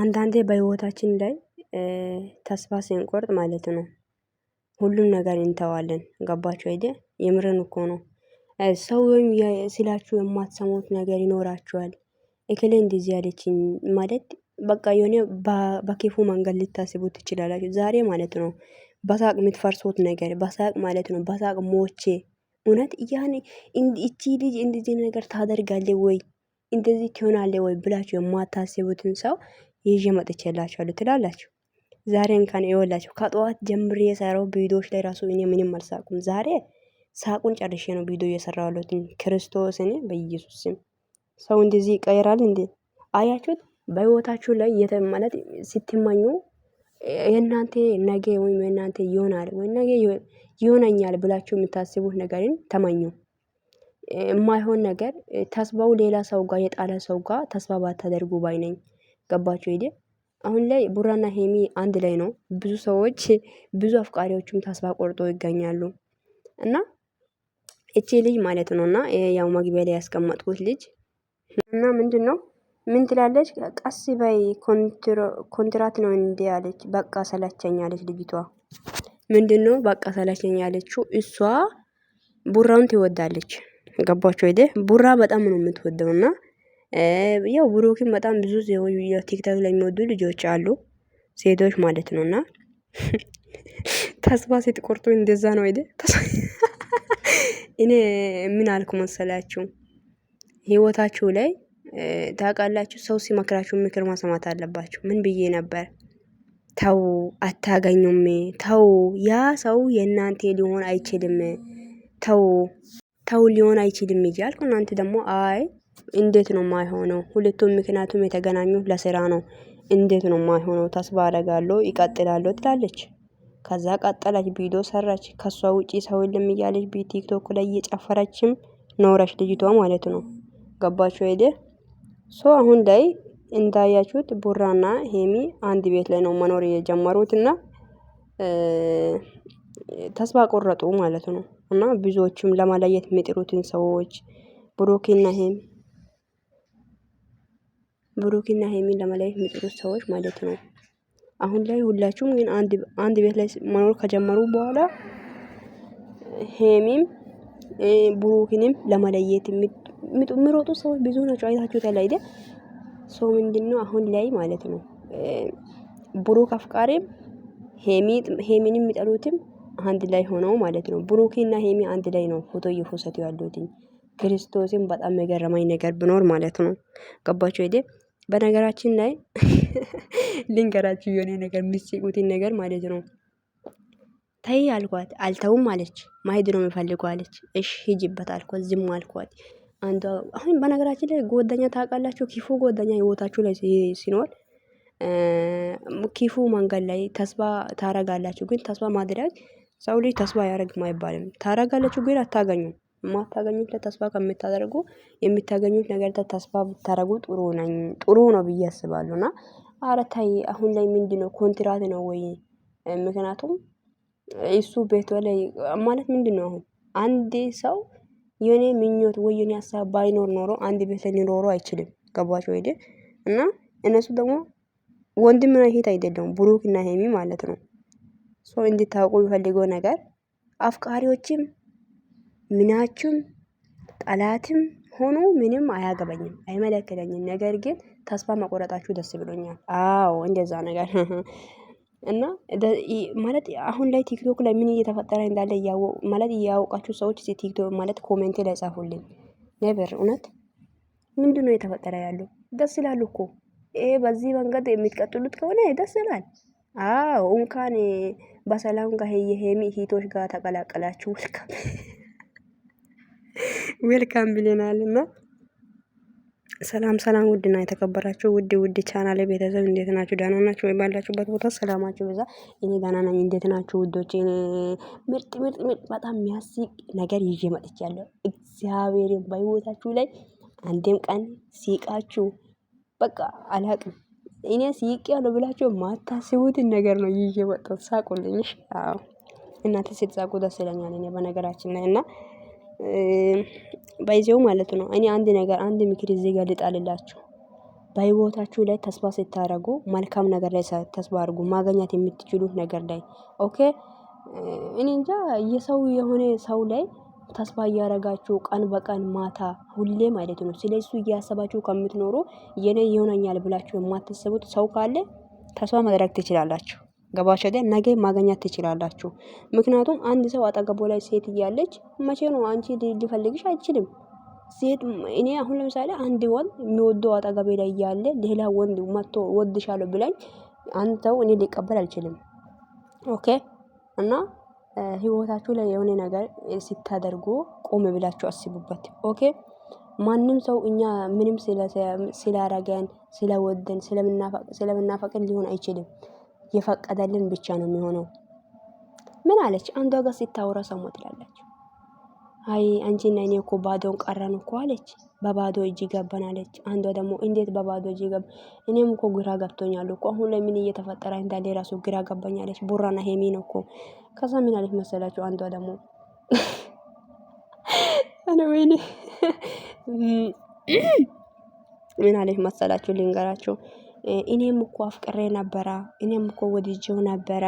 አንዳንዴ በህይወታችን ላይ ተስፋ ስንቆርጥ ማለት ነው ሁሉም ነገር እንተዋለን። ገባችሁ አይደ? የምርን እኮ ነው። ሰው ወይም ስላችሁ የማትሰሙት ነገር ይኖራችኋል። እከሌ እንደዚህ አለችኝ ማለት በቃ የሆነ በክፉ መንገድ ልታስቡ ትችላላችሁ። ዛሬ ማለት ነው በሳቅ የምትፈርሶት ነገር በሳቅ ማለት ነው በሳቅ ሞቼ እውነት ያኔ እቺ ልጅ እንደዚህ ነገር ታደርጋለ ወይ እንደዚህ ትሆናለ ወይ ብላችሁ የማታስቡትን ሰው ይዤ መጥቼላችኋለሁ ትላላችሁ። ዛሬ እንኳን ይወላችሁ ከጠዋት ጀምሬ የሰራው ቪዲዮዎች ላይ ራሱ እኔ ምንም አልሳቁም። ዛሬ ሳቁን ጨርሼ ነው ቪዲዮ እየሰራ ያለሁት። ክርስቶስ እኔ በኢየሱስ ስም ሰው እንደዚህ ይቀይራል እንዴ? አያችሁት? በህይወታችሁ ላይ ማለት ስትመኙ የእናንተ ነገ ወይም የእናንተ ይሆናል ወይ ነገ ይሆነኛል ብላችሁ የምታስቡት ነገርን ተመኙ። የማይሆን ነገር ተስባው ሌላ ሰው ጋር የጣለ ሰው ጋር ተስባ ባታደርጉ ባይነኝ። ገባቸው ሄደ። አሁን ላይ ቡራና ሄሚ አንድ ላይ ነው። ብዙ ሰዎች ብዙ አፍቃሪዎችም ተስፋ ቆርጦ ይገኛሉ። እና እቺ ልጅ ማለት ነው እና ያው መግቢያ ላይ ያስቀመጥኩት ልጅ እና ምንድን ነው ምን ትላለች? ቀስ በይ ኮንትራት ነው እንዲ ያለች። በቃ ሰላቸኝ ያለች ልጅቷ ምንድን ነው በቃ ሰላቸኝ ያለችው እሷ ቡራውን ትወዳለች። ገባቸው ሄደ። ቡራ በጣም ነው የምትወደው እና ያው ብሩክም በጣም ብዙ ቲክቶክ ላይ የሚወዱ ልጆች አሉ፣ ሴቶች ማለት ነው። እና ተስፋ ሴት ቆርጦ እንደዛ ነው አይደ እኔ ምን አልኩ መሰላችሁ? ህይወታችሁ ላይ ታውቃላችሁ፣ ሰው ሲመክራችሁ ምክር ማሰማት አለባችሁ። ምን ብዬ ነበር? ተው አታገኙም፣ ተው ያ ሰው የእናንተ ሊሆን አይችልም፣ ተው ተው ሊሆን አይችልም እያልኩ እናንተ ደግሞ አይ እንዴት ነው የማይሆነው? ሁለቱም ምክንያቱም የተገናኙ ለስራ ነው። እንዴት ነው የማይሆነው? ተስባ አደርጋለሁ ይቀጥላለሁ ትላለች። ከዛ ቀጠለች፣ ቪዲዮ ሰራች። ከሷ ውጪ ሰው የለም እያለች ቲክቶክ ላይ እየጨፈረችም ኖረች ልጅቷ ማለት ነው። ገባችሁ ሄደ ሶ አሁን ላይ እንዳያችሁት ቡራና ሄሚ አንድ ቤት ላይ ነው መኖር እና ተስፋ ቆረጡ ማለት ነው። እና ብዙዎችም ለመለየት የሚጥሩትን ሰዎች ብሩክና ሄሚ ብሩኪና ሄሚን ለመለየት የሚጥሩት ሰዎች ማለት ነው። አሁን ላይ ሁላችሁም ግን አንድ ቤት ላይ መኖር ከጀመሩ በኋላ ሄሚም ብሩክንም ለመለየት የሚሮጡ ሰዎች ብዙ ናቸው። አይታችሁ ያለ አይደል? ሰው ምንድን ነው አሁን ላይ ማለት ነው። ብሩክ አፍቃሪም ሄሚን የሚጠሉትም አንድ ላይ ሆነው ማለት ነው። ብሩኪና ሄሚ አንድ ላይ ነው ፎቶ እየፎሰቱ ያሉትኝ። ክርስቶስም በጣም የገረመኝ ነገር ብኖር ማለት ነው። ገባቸው አይደል? በነገራችን ላይ ልንገራችሁ የሆነ ነገር ምስቁትን ነገር ማለት ነው። ተይ አልኳት አልተውም አለች። ማሄድ ነው የምፈልገው አለች። እሺ ሂጅበት አልኳት። ዝም አልኳት። አንዱ አሁን በነገራችን ላይ ጓደኛ ታውቃላችሁ፣ ኪፉ ጓደኛ ህይወታችሁ ላይ ሲኖር ኪፉ መንገድ ላይ ተስፋ ታረጋላችሁ። ግን ተስፋ ማድረግ ሰው ልጅ ተስፋ ያደረግም አይባልም። ታረጋላችሁ ግን አታገኙም። ማታገኙት ተስፋ ከምታደርጉ የምታገኙት ነገር ተስፋ ብታደርጉ ጥሩ ነኝ ጥሩ ነው ብዬ አስባለሁ። እና አረ ተይ አሁን ላይ ምንድነው ኮንትራት ነው ወይ? ምክንያቱም እሱ ቤት ላይ ማለት ምንድነው አሁን አንዴ ሰው የኔ ምኞት ወይ የኔ ሀሳብ ባይኖር ኖሮ አንድ ቤት ሊኖረው አይችልም። ገባችሁ አይደል? እና እነሱ ደግሞ ወንድምና እህት አይደለም ብሩክና ሄሚ ማለት ነው። እንድታውቁ የምፈልገው ነገር አፍቃሪዎችም ምናችሁም ጠላትም ሆኖ ምንም አያገባኝም፣ አይመለከተኝም። ነገር ግን ተስፋ መቆረጣችሁ ደስ ብሎኛል። አዎ እንደዛ ነገር እና ማለት አሁን ላይ ቲክቶክ ላይ ምን እየተፈጠረ እንዳለ ማለት እያወቃችሁ ሰዎች ቲክቶክ ማለት ኮሜንት ላይ ጻፉልኝ ነበር። እውነት ምንድን ነው የተፈጠረ ያሉ ደስ ይላሉ እኮ ይሄ በዚህ መንገድ የሚቀጥሉት ከሆነ ደስ ይላል። አዎ እንኳን በሰላም ጋር የሄሚ ሂቶች ጋር ተቀላቀላችሁ። ዌልካም ብለናል እና ሰላም ሰላም፣ ውድና የተከበራችሁ ውድ ውድ ቻናል ቤተሰብ እንዴት ናችሁ? ደህና ናችሁ ወይ? ባላችሁበት ቦታ ሰላማችሁ በዛ። እኔ ደህና ነኝ። እንዴት ናችሁ ውዶች? ምርጥ ምርጥ ምርጥ በጣም የሚያስቅ ነገር ይዤ መጥቻለሁ። እግዚአብሔርን በህይወታችሁ ላይ አንዴም ቀን ሲቃችሁ በቃ አላቅም እኔ ሲቅ ያለው ብላችሁ ማታስቡትን ነገር ነው ይዤ መጣሁ። ሳቁልኝ። እናንተ ስትሳቁ ደስ ይለኛል። እኔ በነገራችን ላይ እና ባይዘው ማለት ነው። እኔ አንድ ነገር አንድ ምክር እዚህ ጋር ልጣልላችሁ። በህይወታችሁ ላይ ተስፋ ስታረጉ መልካም ነገር ላይ ተስፋ አርጉ፣ ማገኛት የምትችሉት ነገር ላይ ኦኬ። እኔ እንጃ የሰው የሆነ ሰው ላይ ተስፋ እያረጋችሁ ቀን በቀን ማታ ሁሌ ማለት ነው ስለ እሱ እያሰባችሁ ከምትኖሩ የኔ ይሆነኛል ብላችሁ የማታስቡት ሰው ካለ ተስፋ መድረግ ትችላላችሁ። ገባሽ አይደል? ነገ ማገኛት ትችላላችሁ። ምክንያቱም አንድ ሰው አጠገቦ ላይ ሴት እያለች መቼ ነው አንቺ ሊፈልግሽ አይችልም። ሴት እኔ አሁን ለምሳሌ አንድ ወንድ የሚወደው አጠገቤ ላይ እያለ ሌላ ወንድ መጥቶ ወድሻለሁ ብላኝ አንድ ሰው እኔ ሊቀበል አልችልም። ኦኬ እና ህይወታችሁ ላይ የሆነ ነገር ስታደርጉ ቆም ብላችሁ አስቡበት። ኦኬ ማንም ሰው እኛ ምንም ስላረገን ስለወደን ስለምናፈቅን ሊሆን አይችልም። የፈቀደልን ብቻ ነው የሚሆነው። ምን አለች? አንዷ ጋር ሲታወራ ሰሞ ትላለች። አይ አንቺና እኔ እኮ ባዶን ቀረን እኮ አለች። በባዶ እጅ ገባን አለች። አንዷ ደግሞ እንዴት በባዶ እጅ ገብ እኔም እኮ ግራ ገብቶኛል እኮ አሁን ለምን እየተፈጠረ እንዳለ ራሱ ግራ ገባኛለች። ቡራና ሄሚ ነው እኮ። ከዛ ምን አለች መሰላችሁ? አንዷ ደግሞ ምን አለች መሰላችሁ? ልንገራችሁ እኔም እኮ አፍቅሬ ነበረ እኔም እኮ ወድጄው ነበረ።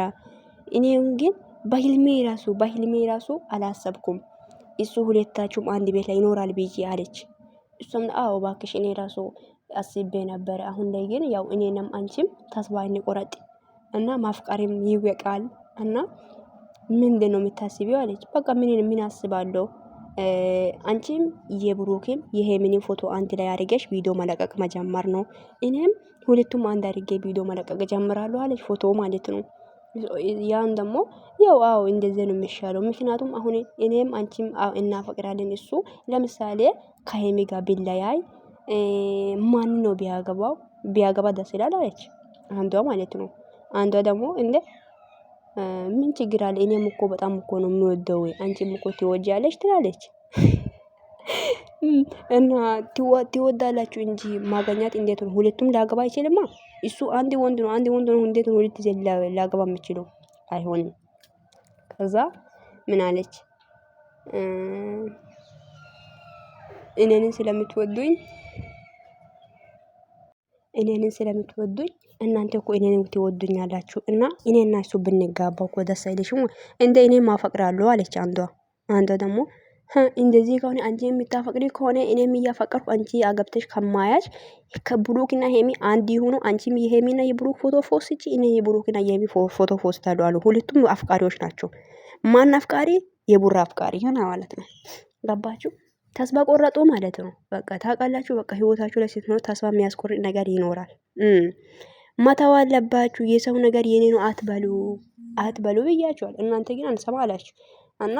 እኔም ግን በህልሜ ራሱ በህልሜ ራሱ አላሰብኩም እሱ ሁለታችሁም አንድ ቤት ላይ ይኖራል ብዬ አለች። እሷም አዎ ባክሽ፣ እኔ ራሱ አስቤ ነበረ አሁን ላይ ግን ያው እኔንም አንቺም ተስፋ እንቆረጥ እና ማፍቀርም ይወቃል እና ነው የምታስቢው አለች። በቃ ምን ምን አስባለሁ አንቺም የብሩክም የሄምንም ፎቶ አንድ ላይ አድርገሽ ቪዲዮ መለቀቅ መጀመር ነው። እኔም ሁለቱም አንድ አድርጌ ቪዲዮ መለቀቅ ጀምራለሁ አለች፣ ፎቶ ማለት ነው። ያን ደግሞ ያው አዎ እንደዚህ ነው የሚሻለው። ምክንያቱም አሁን እኔም አንቺም እናፈቅራለን። እሱ ለምሳሌ ከሄሜ ጋር ቢለያይ ማን ነው ቢያገባው ቢያገባ ደስ ይላል አለች አንዷ ማለት ነው። አንዷ ደግሞ እንደ ምን ችግር አለ? እኔም እኮ በጣም እኮ ነው የምወደው አንቺም እኮ ትወጃለች ትላለች። እና ትወዳላችሁ እንጂ ማገኛት እንዴት ነው? ሁለቱም ላገባ አይችልማ። እሱ አንድ ወንድ ነው አንድ ወንድ ነው እንዴት ነው ሁለት ጊዜ ላገባ የምችለው? አይሆንም። ከዛ ምን አለች? እኔንን ስለምትወዱኝ እኔንን ስለምትወዱኝ እናንተ እኮ እኔን ትወዱኛላችሁ እና እኔ እና እሱ ብንጋባ እኮ ደስ አይልሽም? እንደ እኔ ማፈቅራለሁ አለች አንዷ። አንዷ ደግሞ እንደዚህ ከሆነ አንቺ የምታፈቅሪ ከሆነ እኔም እያፈቀርኩ አንቺ አገብተሽ ከማያች ከብሩክና ሄሚ አንድ ይሁኑ። አንቺም የሄሚና የብሩክ ፎቶ ፎስቺ፣ እኔ የብሩክና የሄሚ ፎቶ ፎስታሉ አሉ። ሁለቱም አፍቃሪዎች ናቸው። ማን አፍቃሪ? የቡራ አፍቃሪ ሆና ማለት ነው። ገባችሁ? ተስባ ቆረጡ ማለት ነው። በቃ ታውቃላችሁ። በቃ ህይወታችሁ ላይ ስትኖር ተስባ የሚያስቆርጥ ነገር ይኖራል። መተው አለባችሁ። የሰው ነገር የኔ ነው አትበሉ አትበሉ ብያችኋል። እናንተ ግን አንሰማ አላችሁ እና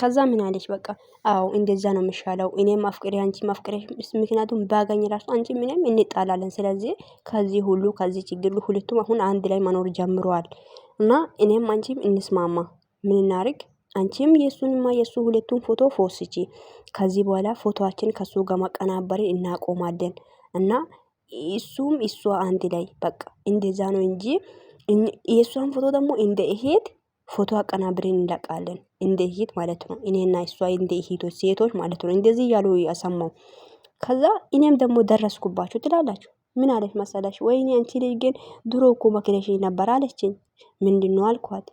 ከዛ ምን አለች? በቃ አዎ እንደዛ ነው የሚሻለው። እኔም አፍቅሬ አንቺ ማፍቅሬ፣ ምክንያቱም ባገኝ ራሱ አንቺ ምንም እንጣላለን። ስለዚህ ከዚህ ሁሉ ከዚህ ችግር ሁለቱም አሁን አንድ ላይ መኖር ጀምረዋል እና እኔም አንቺም እንስማማ። ምን እናርግ? አንቺም የሱንማ የሱ ሁለቱን ፎቶ ፎስቺ። ከዚህ በኋላ ፎቶአችን ከሱ ጋር ማቀናበርን እናቆማለን እና እሱም እሷ አንድ ላይ በቃ እንደዛ ነው እንጂ የእሷን ፎቶ ደግሞ እንደ እሄት ፎቶ አቀናብረን እንለቃለን። እንደ እህት ማለት ነው። እኔና እሷ እንደ እህቶች ሴቶች ማለት ነው። እንደዚህ እያሉ ያሰማው። ከዛ እኔም ደግሞ ደረስኩባችሁ ትላላችሁ። ምን አለች መሰላሽ? ወይኔ አንቺ ልጅ ግን ድሮ እኮ መክረሽኝ ነበር አለችኝ። ምንድን ነው አልኳት።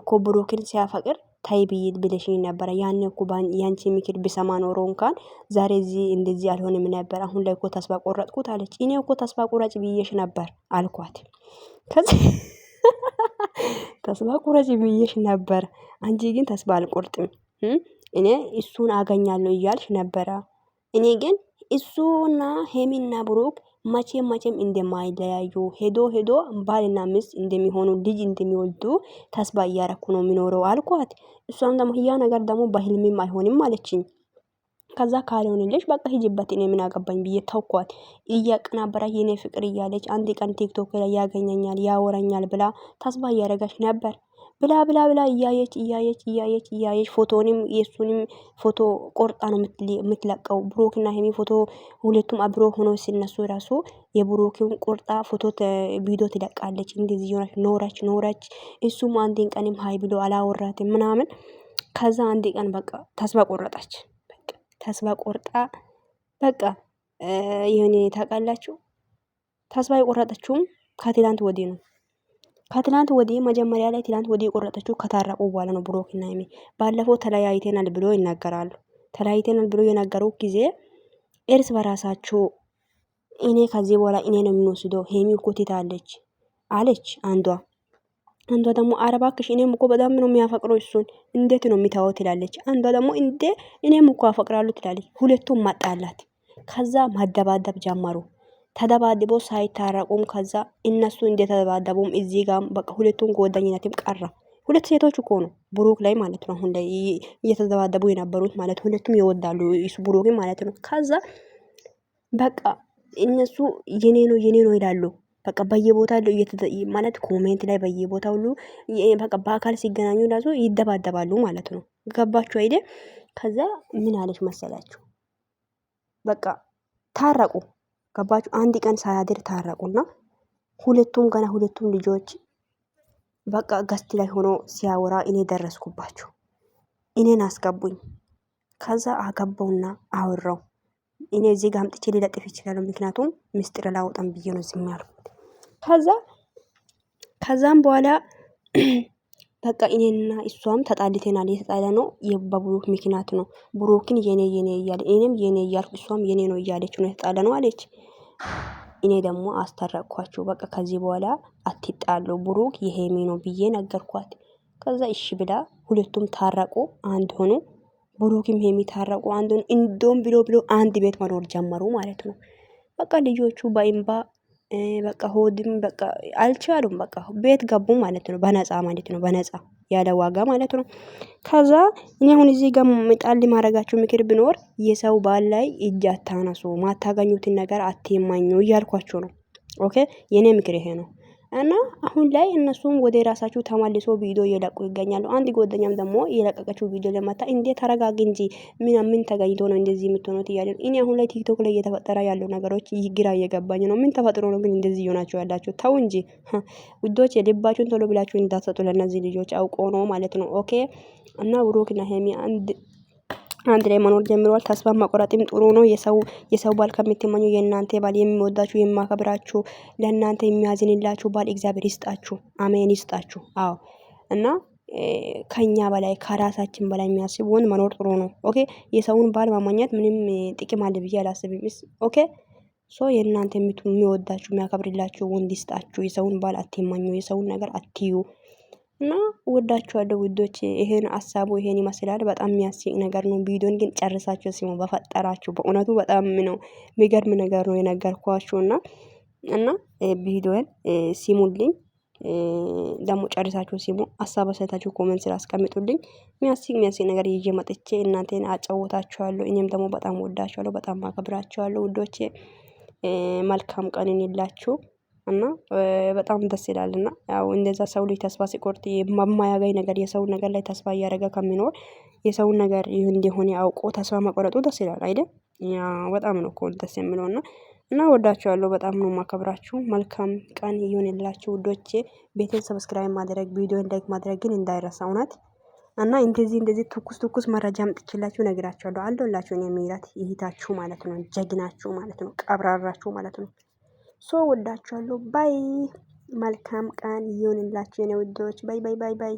እኮ ብሩክን ሲያፈቅር ታይ ብይል ብለሽኝ ነበረ። ያኔ እኮ ያንቺ ምክር ብሰማ ኖሮ እንኳን ዛሬ እዚህ እንደዚህ አልሆንም ነበር። አሁን ላይ እኮ ተስፋ ቆረጥኩት አለች። እኔ እኮ ተስፋ ቆራጭ ብዬሽ ነበር አልኳት። ከዚህ ተስፋ ቆራጭ ብዬሽ ነበር፣ አንቺ ግን ተስፋ አልቆርጥም። እኔ እሱን አገኛለሁ እያልሽ ነበረ። እኔ ግን እሱና ሄሚና ብሩክ መቼም መቼም እንደማይለያዩ ሄዶ ሄዶ ባልና ሚስት እንደሚሆኑ ልጅ እንደሚወልዱ ተስባ እያረኩ ነው የሚኖረው አልኳት። እሷም ደግሞ ያ ነገር ደግሞ በህልሜም አይሆንም አለችኝ። ከዛ ካልሆን ልጅ በቃ ሂጅበት እኔ ምን አገባኝ ብዬ ተውኳት። እያቀናበረች የኔ ፍቅር እያለች አንድ ቀን ቲክቶክ ላይ ያገኘኛል ያወረኛል ብላ ተስባ እያረጋች ነበር ብላ ብላ ብላ እያየች እያየች እያየች እያየች ፎቶንም የእሱንም ፎቶ ቆርጣ ነው የምትለቀው። ብሩክና ሄሚ ፎቶ ሁለቱም አብሮ ሆኖ ሲነሱ ራሱ የብሩክን ቆርጣ ፎቶ ቪዲዮ ትለቃለች። እንደዚህ ሆነች ኖረች ኖረች። እሱም አንዴን ቀንም ሀይ ብሎ አላወራትም ምናምን። ከዛ አንድ ቀን በቃ ተስባ ቆረጣች ተስባ ቆርጣ በቃ የሆነ ታውቃላችሁ፣ ተስባ የቆረጠችውም ከትላንት ወዲህ ነው። ከትላንት ወዲህ መጀመሪያ ላይ ትላንት ወዲህ የቆረጠችው ከታረቁ በኋላ ነው። ብሩክና ሀይሚ ባለፈው ተለያይተናል ብሎ ይናገራሉ። ተለያይተናል ብሎ የነገሩ ጊዜ እርስ በራሳቸው እኔ ከዚህ በኋላ እኔ ነው የሚወስደው ሄሚ እኮ ትታለች አለች አንዷ። አንዷ ደግሞ ኧረ እባክሽ እኔም እኮ በጣም ነው የሚያፈቅረው እሱን እንዴት ነው የሚታወ ትላለች። አንዷ ደግሞ እንዴ እኔም እኮ አፈቅራሉ ትላለች። ሁለቱም ማጣላት፣ ከዛ ማደባደብ ጀመሩ። ተደባድቦ ሳይታረቁም ከዛ እነሱ እንደተደባደቡም እዚህ ጋር በቃ ሁለቱን ጓደኝነትም ቀራ። ሁለት ሴቶች እኮ ነው ብሩክ ላይ ማለት ነው። አሁን ላይ እየተደባደቡ የነበሩት ማለት ሁለቱም ይወዳሉ እሱ ብሩክ ማለት ነው። ከዛ በቃ እነሱ የኔ ነው የኔ ነው ይላሉ። በቃ በየቦታ ማለት ኮሜንት ላይ በየቦታ ሁሉ በቃ በአካል ሲገናኙ ራሱ ይደባደባሉ ማለት ነው። ገባችሁ አይደ? ከዛ ምን አለች መሰላችሁ? በቃ ታረቁ። ገባችሁ? አንድ ቀን ሳያድር ታረቁና ሁለቱም ገና ሁለቱም ልጆች በቃ ገስት ላይ ሆኖ ሲያወራ እኔ ደረስኩባችሁ። እኔን አስገቡኝ። ከዛ አገባውና አወራው። እኔ እዚህ ጋር አምጥቼ ሊለጥፍ ይችላሉ። ምክንያቱም ምስጢር ላውጣም ብዬ ነው ዝም ያልኩት። ከዛ ከዛም በኋላ በቃ እኔና እሷም ተጣልተናል። የተጣለ ነው በብሩክ ምክንያት ነው። ብሩክን የኔ የኔ እያለ እኔም የኔ እያልኩ እሷም የኔ ነው እያለች ነው የተጣለ ነው አለች። እኔ ደግሞ አስታረቅኳቸው። በቃ ከዚህ በኋላ አትጣሉ፣ ብሩክ የሄሚ ነው ብዬ ነገርኳት። ከዛ እሺ ብላ ሁለቱም ታረቁ፣ አንድ ሆኑ። ብሩክም ሄሚ ታረቁ፣ አንድ ሆኑ። እንደውም ብሎ ብሎ አንድ ቤት መኖር ጀመሩ ማለት ነው። በቃ ልጆቹ በእምባ በቃ ሆድም በቃ አልቻሉም። በቃ ቤት ገቡ ማለት ነው፣ በነፃ ማለት ነው፣ በነፃ ያለ ዋጋ ማለት ነው። ከዛ እኔ አሁን እዚህ ጋር ጣል ማረጋቸው ምክር ቢኖር የሰው ባል ላይ እጅ አታነሱ፣ ማታገኙትን ነገር አትማኙ እያልኳቸው ነው። ኦኬ የኔ ምክር ይሄ ነው። እና አሁን ላይ እነሱም ወደ ራሳቸው ተመልሶ ቪዲዮ እየለቁ ይገኛሉ። አንድ ጎደኛም ደግሞ የለቀቀችው ቪዲዮ ለመታ እንዴት ተረጋግ እንጂ ምን ምን ተገኝቶ ነው እንደዚህ የምትሆኑት እያለ እኔ አሁን ላይ ቲክቶክ ላይ እየተፈጠረ ያለው ነገሮች ይግራ እየገባኝ ነው። ምን ተፈጥሮ ነው ግን እንደዚህ እየሆናቸው ያላቸው? ተው እንጂ ውዶች፣ የልባችሁን ቶሎ ብላችሁ እንዳትሰጡ ለእነዚህ ልጆች። አውቆ ነው ማለት ነው። ኦኬ እና ብሩክና ሄሚ አንድ አንድ ላይ መኖር ጀምረዋል። ተስፋ መቆረጥም ጥሩ ነው። የሰው የሰው ባል ከምትመኙ የእናንተ ባል የሚወዳችሁ የማከብራችሁ፣ ለእናንተ የሚያዝንላችሁ ባል እግዚአብሔር ይስጣችሁ። አሜን ይስጣችሁ። አዎ እና ከኛ በላይ ከራሳችን በላይ የሚያስቡን መኖር ጥሩ ነው። ኦኬ የሰውን ባል ማማኘት ምንም ጥቅም አለ ብዬ አላስብም። ኦኬ ሶ የእናንተ የሚወዳችሁ የሚያከብርላችሁ ወንድ ይስጣችሁ። የሰውን ባል አትማኙ። የሰውን ነገር አትዩ። እና ወዳችኋለሁ ውዶች። ይሄን ሀሳቡ ይሄን ይመስላል። በጣም የሚያስቅ ነገር ነው። ቪዲዮን ግን ጨርሳችሁ ሲሞ በፈጠራችሁ በእውነቱ በጣም ነው የሚገርም ነገር ነው የነገርኳችሁ እና እና ቪዲዮን ሲሙልኝ ደግሞ ጨርሳችሁ ሲሙ ሀሳብ አስተያየታችሁ ኮመንት ስራ አስቀምጡልኝ። የሚያስቅ የሚያስቅ ነገር ይዤ መጥቼ እናንተን አጫወታችኋለሁ። እኔም ደግሞ በጣም ወዳችኋለሁ፣ በጣም አከብራችኋለሁ ውዶቼ። መልካም ቀን ይሁንላችሁ። እና በጣም ደስ ይላል። እና ያው እንደዛ ሰው ልጅ ተስፋ ሲቆርጥ የማያገኝ ነገር የሰውን ነገር ላይ ተስፋ እያደረገ ከሚኖር የሰውን ነገር ይህ እንደሆነ አውቆ ተስፋ መቆረጡ ደስ ይላል አይደል? ያ በጣም ነው እኮ ደስ የሚለው እና እና እወዳችኋለሁ በጣም ነው ማከብራችሁ። መልካም ቀን ይሁንላችሁ ውዶቼ። ቤቴን ሰብስክራይብ ማድረግ ቪዲዮን ላይክ ማድረግ ግን እንዳይረሳ እውነት። እና እንደዚህ እንደዚህ ትኩስ ትኩስ መረጃ አምጥቼላችሁ ነግራችኋለሁ። አለሁላችሁ እኔ ምህረት እህታችሁ ማለት ነው። ጀግናችሁ ማለት ነው። ቀብራራችሁ ማለት ነው ሶ ወዳችኋለሁ። ባይ መልካም ቀን ይሁንላችሁ የኔ ውዶች። ባይ ባይ ባይ ባይ